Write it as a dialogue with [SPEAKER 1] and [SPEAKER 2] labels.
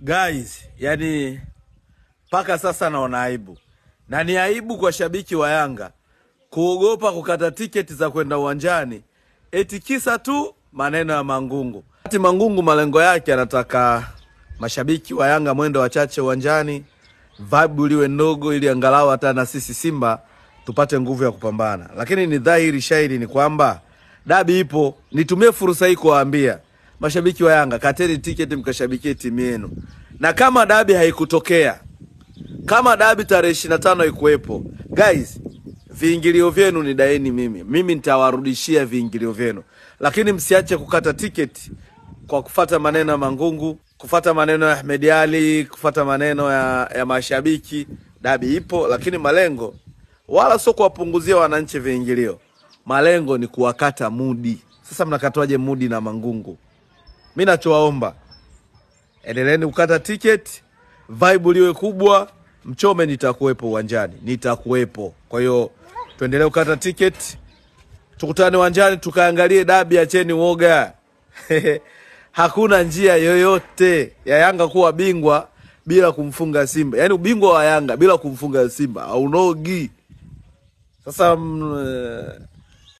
[SPEAKER 1] Guys, yani mpaka sasa naona aibu na ni aibu kwa shabiki wa Yanga kuogopa kukata tiketi za kwenda uwanjani eti kisa tu maneno ya Mangungu. Ati Mangungu malengo yake anataka mashabiki wa Yanga mwendo wachache uwanjani, vibe liwe ndogo, ili angalau hata na sisi Simba tupate nguvu ya kupambana. Lakini ni dhahiri shahiri ni kwamba dabi ipo. Nitumie fursa hii kuwaambia mashabiki wa Yanga, kateni tiketi mkashabikie timu yenu, na kama dabi haikutokea, kama dabi tarehe ishirini na tano haikuwepo, guys, viingilio vyenu ni daeni mimi, mimi nitawarudishia viingilio vyenu, lakini msiache kukata tiketi kwa kufata maneno ya Mangungu, kufata maneno ya Ahmed Ali, kufata maneno ya, ya mashabiki. Dabi ipo, lakini malengo wala sio kuwapunguzia wananchi viingilio, malengo ni kuwakata mudi. Sasa mnakatwaje mudi na Mangungu? mi nachowaomba, endeleeni kukata tiketi, vibe liwe kubwa, mchome, nitakuwepo uwanjani, nitakuwepo. Kwa hiyo tuendelee kukata tiketi, tukutane uwanjani, tukaangalie dabi. Acheni woga hakuna njia yoyote ya Yanga kuwa bingwa bila kumfunga Simba, yaani ubingwa wa Yanga bila kumfunga Simba aunogi Sasa mm,